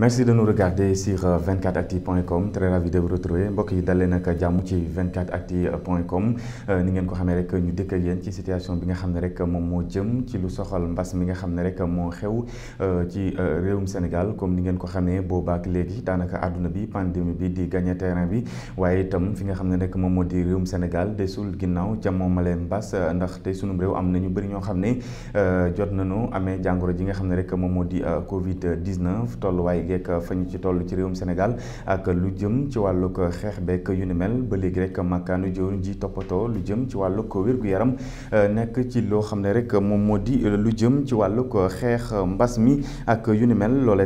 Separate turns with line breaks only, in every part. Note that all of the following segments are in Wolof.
merci de nous regarder sur 24actu.com euh, très ravi de vous retrouver mbokk yi dalee nag jàmm ci 24actu.com euh, ni ngeen ko xamee rek ñu dëkk yéen ci situation bi nga xam ne rek moom moo jëm ci lu soxal mbas mi nga xam ne rek moo xew euh, ci réewum Sénégal comme ni ngeen ko xamee boobaak léegi daanaka àdduna bi pandémie bi di gagné terrain bi waaye itam fi nga xam ne rek moom moo di réewum Sénégal desul ginnaaw ca moom jàmmoomalee mbas ndax te sunum réew am na ñu bëri ñoo xam ne jot na nañu amee jàngoro ji nga xam ne rek moom moo di Covid 19 tolluwaay geeg fa ñu ci toll ci réewum Sénégal lu jëm ci wàllug xeex beeg yu ni mel ba léegi rek màkkaanu jëwriñ ji toppatoo jëm ci wàllug wér-gu-yaram euh, nekk ci loo xam ne rek moom moo di lu jëm ci wàllug xeex mbas mi ak yu ni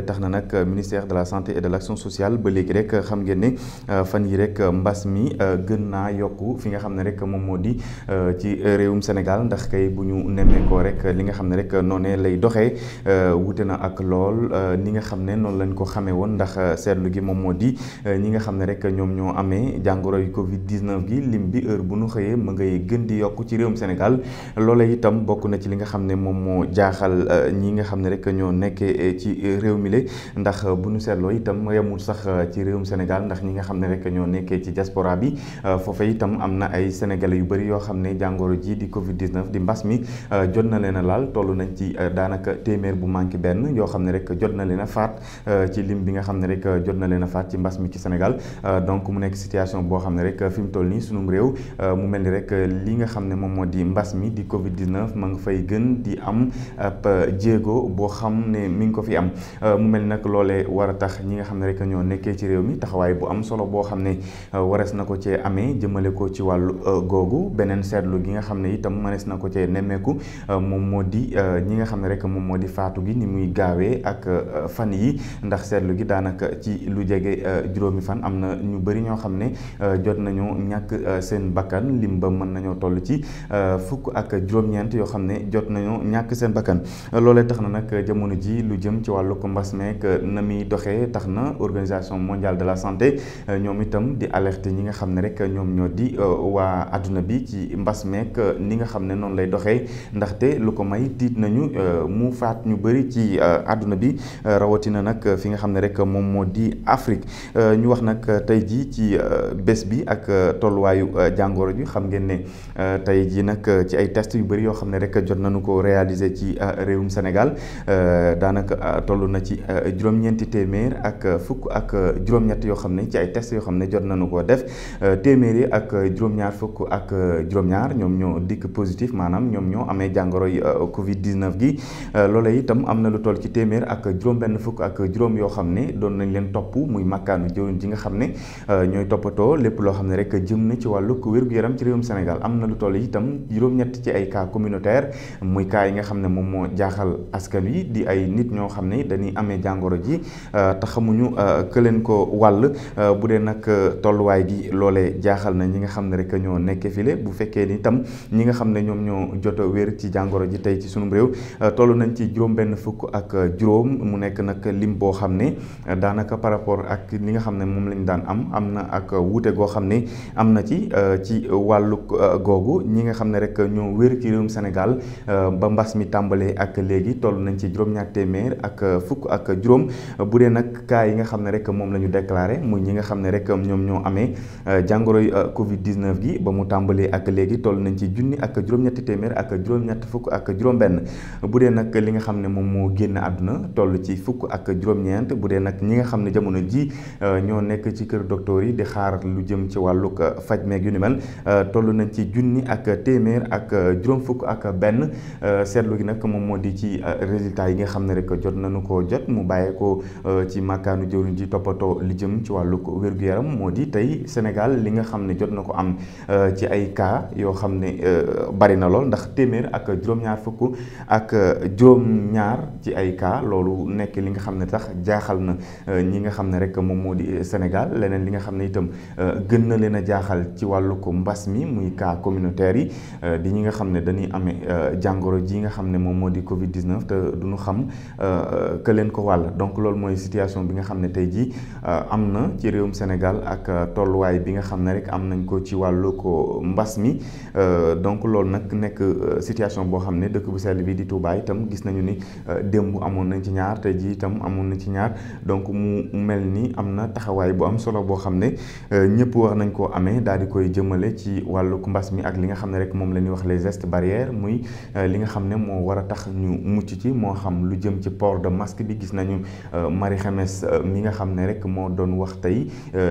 tax na nag ministère de la santé et de l'action sociale ba léegi rek xam ngeen ne euh, fan yi rek mbas mi euh, gën naa yokku fi nga xam ne rek moom moo di ci réewum Sénégal ndax kay bu ñu nemmeekoo rek li nga xam ne rek noonee lay doxe wute na ak lool ni nga xam ne noonu lañ leen ko xamee woon ndax euh, seetlu gi moom moo di euh, ñi nga xam ne rek ñoom ñoo amee jàngoro yu Covid 19 gi lim bi heure bu nu xëyee mu ngay gën di yokk ci réewum Sénégal loola itam bokk na ci li nga xam ne moom moo jaaxal euh, ñi nga xam ne rek ñoo nekkee ci réew mi la ndax bu nu seetloo itam yamul sax ci réewum Sénégal ndax ñi nga xam ne rek ñoo nekkee ci diaspora bi foofa itam am na ay sénégalais yu bëri yoo xam ne jàngoro ji di Covid 19 di mbas mi jot na leen a laal toll nañ ci daanaka téeméer bu manqué benn yoo xam ne rek jot na leen a faat ci lim bi nga xam ne rek jot na leen a faat ci mbas mi ci Sénégal euh, donc mu nekk situation boo xam ne rek fi mu toll nii sunum réew euh, mu mel ni rek li nga xam ne moom moo di mbas mi di Covid 19 ma nga fay gën di am euh, jéego boo xam ne mi ngi ko fi am mu mel ni nag loolee war a tax ñi nga xam ne rek ñoo nekkee ci réew mi taxawaay bu am solo boo xam ne warees na ko cee amee jëmale ko ci wàllu googu beneen seetlu gi nga xam ne itam mënees na ko cee nemmeeku moom moo di ñi nga xam ne rek moom moo di faatu gi ni muy gaawee ak fan yi ndax seetlu gi daanaka ci lu jege euh, juróomi fan am na ñu bëri ñoo xam ne euh, jot nañoo ñàkk euh, seen bakkan lim ba mën nañoo toll ci fukk ak juróom-ñeent yoo xam ne jot nañoo ñàkk seen bakkan loolee tax na nag jamono ji lu jëm ci wàllu ko mbas meek na muy doxee tax na organisation mondiale de la santé ñoom itam di alerte ñi nga xam ne rek ñoom ñoo di waa àdduna bi ci mbas meek ni nga xam ne noonu lay doxee ndaxte lu ko may diit nañu mu faat ñu bëri ci adduna bi rawatina nag fi nga xam ne rek moom moo di Afrique euh, ñu wax nag euh, tey jii ci euh, bés bi ak tolluwaayu jàngoro ji xam ngeen ne tey jii nag ci ay test yu bëri yoo xam ne rek jot nañu ko réaliser ci réewum Sénégal daanaka toll na ci juróom-ñeenti téeméer ak fukk ak juróom-ñett yoo xam ne ci ay test yoo xam ne jot nañu ko def téeméer ak juróom-ñaar fukk ak juróom-ñaar ñoom ñoo dikk positif maanaam ñoom ñoo amee jàngoro yi Covid 19 gi loolee itam am na lu toll ci téeméer ak juróom-benn fukk ak juróom yoo xam ne doon nañ leen topp muy màkkaanu jëwriñ ji nga xam ne euh, ñooy toppatoo lépp loo xam ne rek jëm na ci wàllu wér-gu-yaram ci réewum Sénégal am na lu toll tam juróom-ñett ci ay cas communautaire muy yi nga xam ne moom moo jaaxal askan wi di ay nit ñoo xam ne dañuy amee jàngoro ji euh, te xamuñu que euh, leen ko wàll bu dee nag tolluwaay gi loolee jaaxal na ñi nga xam ne rek ñoo nekkee file bu fekkee ni itam ñi nga xam ne ñoom ñoo jot a wér ci jàngoro ji tey ci sunum réew toll nañ ci juróom benn fukk ak juróom mu nekk nag lim boo goo xam ne euh, daanaka par rapport ak li nga xam ne moom lañ daan am am na ak wuute goo xam ne am na ci euh, ci wàllu euh, googu ñi nga xam ne rek ñoo wér ci réewum Sénégal ba mbas mi tàmbalee ak léegi toll nañ ci juróom téeméer ak fukk ak juróom bu dee nag cas yi nga xam ne rek moom la ñu déclaré muy ñi nga xam ne rek ñoom ñoo amee jàngoro yi Covid 19 gi ba mu tàmbalee ak léegi toll nañ ci junni ak juróom-ñetti téeméer ak juróom fukk ak juróom-benn bu dee nag li nga xam ne moom moo génn àdduna toll ci fukk ak juróom juróom-ñeent bu dee nag ñi nga xam ne jamono ji euh, ñoo nekk ci kër docteur yi di xaar lu jëm ci wàllug euh, faj meeg yu ni mel euh, toll nañ ci junni ak téeméer ak juróom fukk ak benn seetlu gi nag moom moo di ci résultat yi nga xam ne rek jot nañu ko jot mu bàyyee ci màkkaanu jëwriñ ji toppatoo li jëm ci wàllug wér yaram moo di tey Sénégal li nga xam ne jot na ko am ci ay cas yoo xam ne bari na lool ndax téeméer ak juróom-ñaar fukk ak juróom-ñaar ci ay cas loolu nekk li nga xam ne tax jaaxal na euh, ñi nga xam ne rek moom moo di euh, Sénégal leneen li nga xam ne itam euh, gën na leen a jaaxal ci wàllu ko mbas mi muy cas communautaire yi di ñi nga xam ne dañuy amee jàngoro ji nga xam ne moom moo di Covid 19 te du ñu xam que leen ko wàll donc loolu mooy situation bi nga xam ne tey jii am na ci réewum Sénégal ak tolluwaay bi nga xam ne rek am nañ ko ci wàllu ko mbas mi donc loolu nag nekk situation boo xam ne dëkk bu sell bi di Touba itam gis nañu ni démb amoon nañ ci ñaar donc mu mel ni am na taxawaay bu am solo boo xam ne euh, ñëpp wax nañ koo amee daal di koy jëmale ci wàllu mbas mi ak li nga xam ne rek moom la ñuy wax les gestes barrières muy euh, li nga xam ne moo war a tax ñu mucc ci moo xam lu jëm ci port de masque bi gis nañu euh, Marie Xemes mi nga xam ne rek moo doon wax tey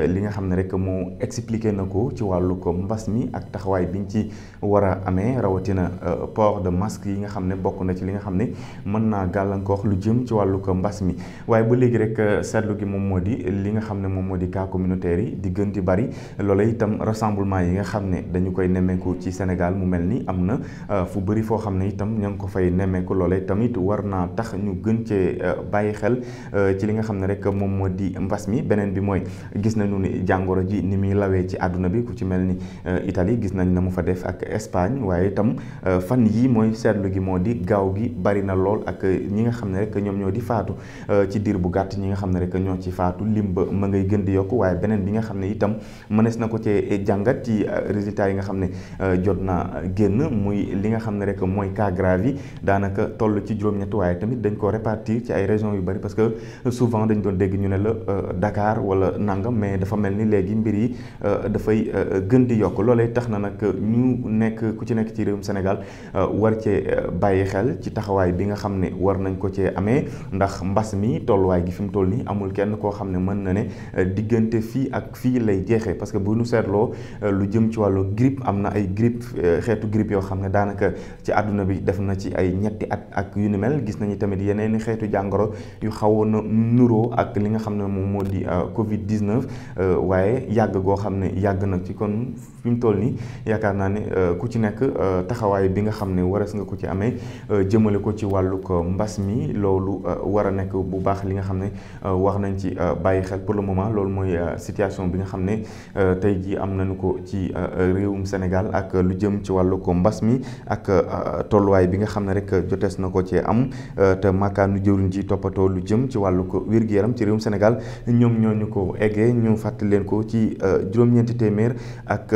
li nga xam ne rek moo expliqué na ko ci wàllu ko mbas mi ak taxawaay biñ ci war a amee rawatina port de masque yi nga xam ne bokk na ci li nga xam ne mën naa gàllankoor lu jëm ci wàllu ko mbas mi waaye waaye ba léegi rek euh, seetlu gi moom moo di li nga xam ne moom moo di kaa communautaire yi di gën di bari loola itam rassemblement yi nga xam ne dañu koy nemmeeku ci Sénégal mu mel ni am na euh, fu bari foo xam ne itam ña ngi ko fay nemmeeku loola tamit war naa tax ñu gën cee euh, bàyyi xel ci li nga xam ne rek moom moo di mbas mi beneen bi mooy gis nañu ni jàngoro ji ni muy lawee ci àdduna bi ku ci mel ni Italie gis nañ ne mu fa def ak Espagne waaye itam fan yi mooy seetlu gi moo di gaaw gi bari na lool ak ñi nga xam ne rek ñoom ñoo di faatu ci diir bu gàtt ñi nga xam ne rek ñoo ci faatu lim ba ma ngay gën di yokk waaye beneen bi nga xam ne itam mënees na ko cee jàngat ci euh, résultat yi nga xam ne euh, jot naa génn muy li nga xam ne rek mooy cas grave yi daanaka toll ci juróom-ñett waaye tamit dañ ko répartir ci ay régions yu bari parce que euh, souvent dañ doon dégg ñu ne la dakaar wala nangam mais dafa mel ni léegi mbir yi dafay gën di yokk loolee tax na nag ñu nekk ku ci nekk ci réewum Sénégal war cee bàyyi xel ci taxawaay bi nga xam ne war nañ ko cee amee tolluwaay gi fi mu toll nii amul kenn koo xam ne mën na ne euh, diggante fii ak fii lay jeexee parce que bu nu seetloo euh, lu jëm ci wàllu grippe am na ay grippe euh, xeetu grippe yoo xam ne daanaka ci àdduna bi def na ci ay ñetti at ak yu ni mel gis nañu tamit yeneen xeetu jàngoro yu xawoon a nuroo ak li nga xam ne moom moo di Covid 19 waaye yàgg goo xam ne yàgg na ci kon fi mu toll nii yaakaar naa ne ku ci nekk taxawaay bi nga xam ne waras nga ko ci amee jëmale ko ci wàllu mbas mi loolu war a nekk bu baax. li nga xam ne euh, wax nañ ci euh, bàyyi xel pour le moment loolu mooy euh, situation bi nga xam ne tey jii am nañu ko ci réewum Sénégal ak lu jëm ci wàllu ko mbas mi ak tolluwaay bi nga xam ne rek jotees na ko ci am te makaanu jëwriñ ji toppatoo lu jëm ci wàllu ko wér-gu-yaram ci réewum Sénégal ñoom ñoo ñu ko eggee ñu fàttali leen ko ci juróom-ñeenti téeméer ak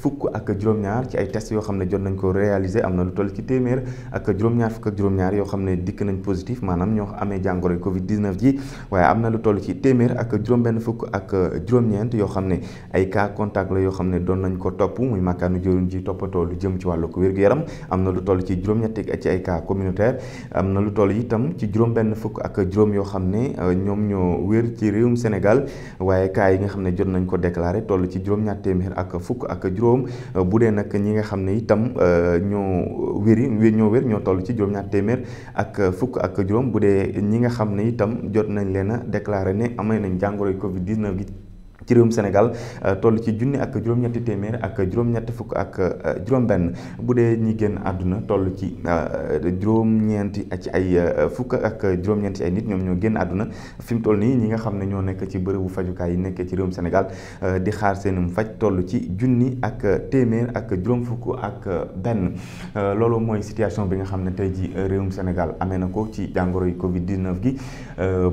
fukk ak juróom-ñaar ci ay tests yoo xam ne jot nañ ko réaliser am na lu toll ci téeméer ak juróom-ñaar fukk ak juróom-ñaar yoo xam ne dikk nañ positif maanaam ñoo amee jàngoro ko Covid 19 ji waaye am na lu toll ci téeméer ak juróom-benn fukk ak euh, juróom-ñeent yoo xam ne ay cas contact la yoo xam ne doon nañ ko topp muy màkkaanu jëriñ ji toppatoo lu jëm ci wàllu ko wér-gu-yaram am na lu toll ci juróom-ñetti ci ay cas communautaire am na lu toll tam ci juróom-benn fukk ak juróom yoo xam ne euh, ñoom ñoo wér ci réewum Sénégal waaye kaa yi nga xam ne jot nañ ko déclaré toll ci juróom-ñaar ak fukk ak juróom euh, bu dee nag ñi nga xam ne itam ñoo wéri ñoo wér ñoo toll ci juróom-ñaar téeméer ak fukk ak juróom bu dee ñi nga xam ne itam jot nañ leen a déclaré ne amee nañ jàngoroy Covid na gi ci réewum Sénégal euh, toll ci junni ak juróom-ñetti téeméer ak juróom-ñetti fukk ak euh, juróom-benn bu dee ñi génn àdduna toll ci euh, juróom-ñeenti ci ay fukk ak juróom-ñeenti ay nit ñoom ñoo génn àdduna fi mu toll nii ñi nga xam ne ñoo nekk ci bërëbu fajukaay yi nekkee ci réewum Sénégal di xaar seenum faj toll ci junni ak téeméer ak juróom fukk ak benn loolu mooy situation bi nga xam ne tey ji réewum Sénégal amee na ko ci jàngoro yi Covid 19 gi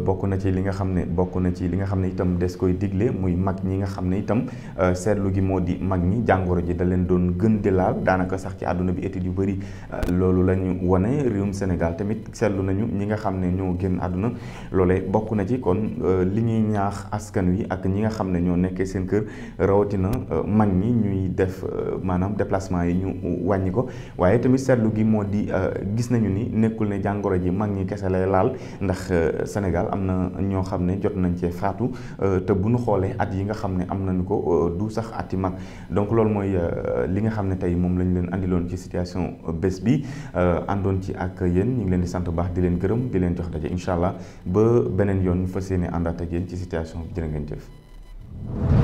bokk na ci li nga xam ne bokk na ci li nga xam ne itam des koy digle muy mag ñi nga xam ne itam euh, seetlu gi moo di mag ñi jàngoro ji da leen doon gën di laal daanaka sax ci àdduna bi études yu bëri euh, loolu la ñu wane réewum Sénégal tamit seetlu nañu ñi nga xam ne ñoo génn àdduna loole bokk na ci kon euh, li ñuy ñaax askan wi ak ñi nga xam ne ñoo nekkee seen kër rawatina mag ñi ñuy def maanaam déplacement yi ñu wàññi ko waaye tamit seetlu gi moo di gis nañu ni nekkul ne jàngoro ji mag ñi kese lay laal ndax Sénégal am na ñoo xam ne jot nañ cee faatu te bu xoolee at yi nga xam ne am nañu ko euh, du sax at yi donc loolu mooy euh, li nga xam ne tey moom lañ leen àndiloon ci situation bés bi andoon euh, ci ak yéen ñu ngi leen di sant baax di leen gërëm di leen jox daje incha allah ba beneen yoon ñu fas yéene àndaat ak ci situation bi jërë ngeen jëf